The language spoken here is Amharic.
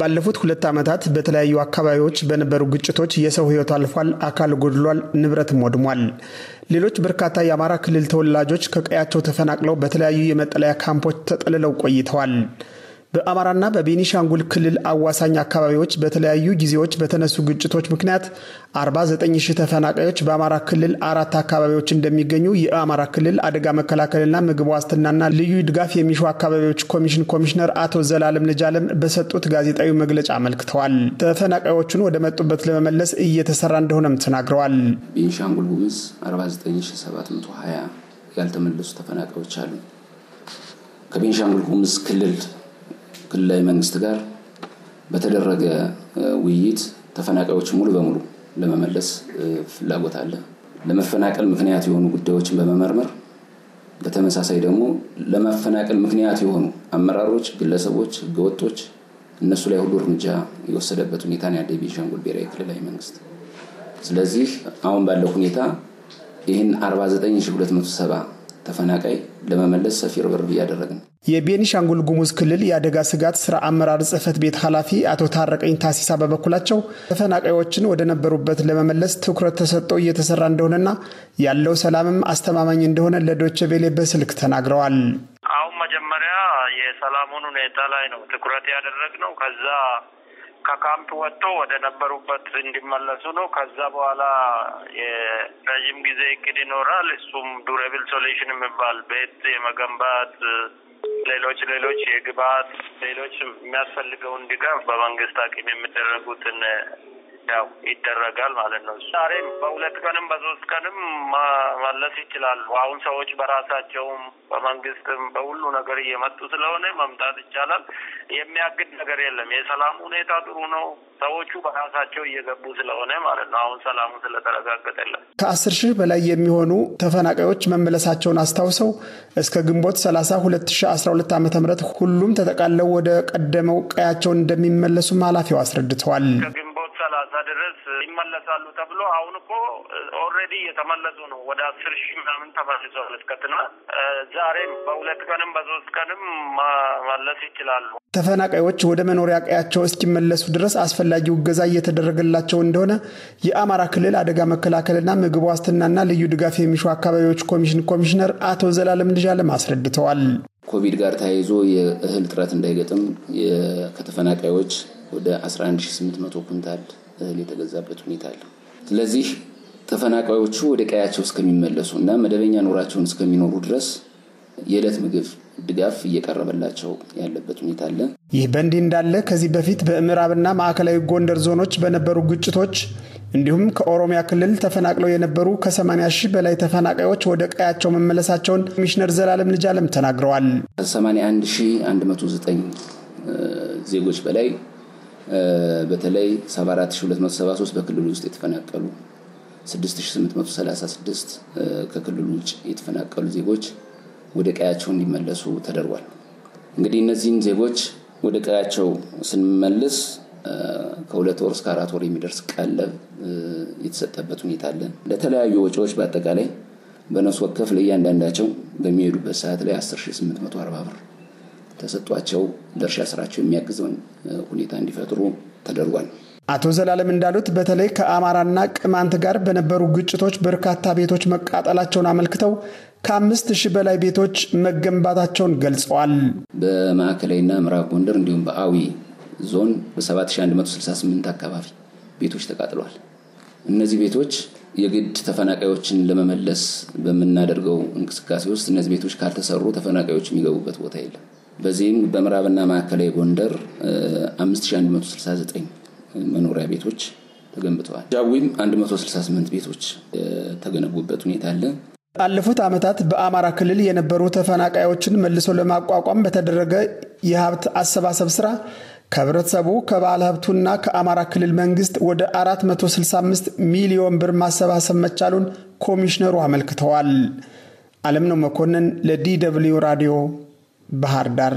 ባለፉት ሁለት ዓመታት በተለያዩ አካባቢዎች በነበሩ ግጭቶች የሰው ሕይወት አልፏል፣ አካል ጎድሏል፣ ንብረትም ወድሟል። ሌሎች በርካታ የአማራ ክልል ተወላጆች ከቀያቸው ተፈናቅለው በተለያዩ የመጠለያ ካምፖች ተጠልለው ቆይተዋል። በአማራና በቤኒሻንጉል ክልል አዋሳኝ አካባቢዎች በተለያዩ ጊዜዎች በተነሱ ግጭቶች ምክንያት 49 ሺህ ተፈናቃዮች በአማራ ክልል አራት አካባቢዎች እንደሚገኙ የአማራ ክልል አደጋ መከላከልና ምግብ ዋስትናና ልዩ ድጋፍ የሚሹ አካባቢዎች ኮሚሽን ኮሚሽነር አቶ ዘላለም ልጃለም በሰጡት ጋዜጣዊ መግለጫ አመልክተዋል። ተፈናቃዮቹን ወደ መጡበት ለመመለስ እየተሰራ እንደሆነም ተናግረዋል። ቤኒሻንጉል ጉምዝ 49720 ያልተመለሱ ተፈናቃዮች አሉ። ከቤኒሻንጉል ጉምዝ ክልል ክልላዊ መንግስት ጋር በተደረገ ውይይት ተፈናቃዮች ሙሉ በሙሉ ለመመለስ ፍላጎት አለ። ለመፈናቀል ምክንያት የሆኑ ጉዳዮችን በመመርመር በተመሳሳይ ደግሞ ለመፈናቀል ምክንያት የሆኑ አመራሮች፣ ግለሰቦች፣ ህገወጦች እነሱ ላይ ሁሉ እርምጃ የወሰደበት ሁኔታ ነው ያለ የቤንሻንጉል ብሔራዊ ክልላዊ መንግስት። ስለዚህ አሁን ባለው ሁኔታ ይህን 49270 ተፈናቃይ ለመመለስ ሰፊ ርብርብ እያደረግ ነው። የቤኒሻንጉል ጉሙዝ ክልል የአደጋ ስጋት ስራ አመራር ጽህፈት ቤት ኃላፊ አቶ ታረቀኝ ታሲሳ በበኩላቸው ተፈናቃዮችን ወደ ነበሩበት ለመመለስ ትኩረት ተሰጥቶ እየተሰራ እንደሆነና ያለው ሰላምም አስተማማኝ እንደሆነ ለዶይቼ ቬለ በስልክ ተናግረዋል። አሁን መጀመሪያ የሰላሙን ሁኔታ ላይ ነው ትኩረት ነው ከዛ ከካምፕ ወጥቶ ወደ ነበሩበት እንዲመለሱ ነው። ከዛ በኋላ የረዥም ጊዜ እቅድ ይኖራል። እሱም ዱሬብል ሶሉሽን የሚባል ቤት የመገንባት ሌሎች ሌሎች የግብዓት ሌሎች የሚያስፈልገውን ድጋፍ በመንግስት አቅም የሚደረጉትን ያው ይደረጋል ማለት ነው። ዛሬም በሁለት ቀንም በሶስት ቀንም መመለስ ይችላሉ። አሁን ሰዎች በራሳቸውም በመንግስትም በሁሉ ነገር እየመጡ ስለሆነ መምጣት ይቻላል። የሚያግድ ነገር የለም። የሰላም ሁኔታ ጥሩ ነው። ሰዎቹ በራሳቸው እየገቡ ስለሆነ ማለት ነው። አሁን ሰላሙ ስለተረጋገጠለን ከአስር ሺህ በላይ የሚሆኑ ተፈናቃዮች መመለሳቸውን አስታውሰው እስከ ግንቦት 30 2012 ዓ ም ሁሉም ተጠቃለው ወደ ቀደመው ቀያቸውን እንደሚመለሱም ኃላፊው አስረድተዋል። ኦልሬዲ የተመለሱ ነው። ወደ አስር ሺህ ምናምን ተመልሰዋል። እስከትና ዛሬም በሁለት ቀንም በሶስት ቀንም መመለስ ይችላሉ። ተፈናቃዮች ወደ መኖሪያ ቀያቸው እስኪመለሱ ድረስ አስፈላጊው እገዛ እየተደረገላቸው እንደሆነ የአማራ ክልል አደጋ መከላከልና ምግብ ዋስትናና ልዩ ድጋፍ የሚሹ አካባቢዎች ኮሚሽን ኮሚሽነር አቶ ዘላለም ልጃለም አስረድተዋል። ኮቪድ ጋር ተያይዞ የእህል እጥረት እንዳይገጥም ከተፈናቃዮች ወደ 11800 ኩንታል እህል የተገዛበት ሁኔታ አለ። ስለዚህ ተፈናቃዮቹ ወደ ቀያቸው እስከሚመለሱ እና መደበኛ ኑራቸውን እስከሚኖሩ ድረስ የዕለት ምግብ ድጋፍ እየቀረበላቸው ያለበት ሁኔታ አለ። ይህ በእንዲህ እንዳለ ከዚህ በፊት በምዕራብና ማዕከላዊ ጎንደር ዞኖች በነበሩ ግጭቶች እንዲሁም ከኦሮሚያ ክልል ተፈናቅለው የነበሩ ከ80 ሺህ በላይ ተፈናቃዮች ወደ ቀያቸው መመለሳቸውን ኮሚሽነር ዘላለም ልጃለም ተናግረዋል። ከ81109 ዜጎች በላይ በተለይ 74273 በክልሉ ውስጥ የተፈናቀሉ 6836 ከክልሉ ውጭ የተፈናቀሉ ዜጎች ወደ ቀያቸው እንዲመለሱ ተደርጓል። እንግዲህ እነዚህን ዜጎች ወደ ቀያቸው ስንመልስ ከሁለት ወር እስከ አራት ወር የሚደርስ ቀለብ የተሰጠበት ሁኔታ አለ። ለተለያዩ ወጪዎች በአጠቃላይ በነሱ ወከፍ ለእያንዳንዳቸው በሚሄዱበት ሰዓት ላይ 1840 ብር ተሰጧቸው ለእርሻ ስራቸው የሚያግዘውን ሁኔታ እንዲፈጥሩ ተደርጓል። አቶ ዘላለም እንዳሉት በተለይ ከአማራና ቅማንት ጋር በነበሩ ግጭቶች በርካታ ቤቶች መቃጠላቸውን አመልክተው ከአምስት ሺህ በላይ ቤቶች መገንባታቸውን ገልጸዋል። በማዕከላዊና ምዕራብ ጎንደር እንዲሁም በአዊ ዞን በ7168 አካባቢ ቤቶች ተቃጥለዋል። እነዚህ ቤቶች የግድ ተፈናቃዮችን ለመመለስ በምናደርገው እንቅስቃሴ ውስጥ እነዚህ ቤቶች ካልተሰሩ ተፈናቃዮች የሚገቡበት ቦታ የለም። በዚህም በምዕራብና ማዕከላዊ ጎንደር 5169 መኖሪያ ቤቶች ተገንብተዋል። ጃዊም 168 ቤቶች የተገነቡበት ሁኔታ አለ። ባለፉት ዓመታት በአማራ ክልል የነበሩ ተፈናቃዮችን መልሶ ለማቋቋም በተደረገ የሀብት አሰባሰብ ስራ ከህብረተሰቡ ከባለ ሀብቱና ከአማራ ክልል መንግስት ወደ 465 ሚሊዮን ብር ማሰባሰብ መቻሉን ኮሚሽነሩ አመልክተዋል። አለም ነው መኮንን ለዲ ደብልዩ ራዲዮ ባህር ዳር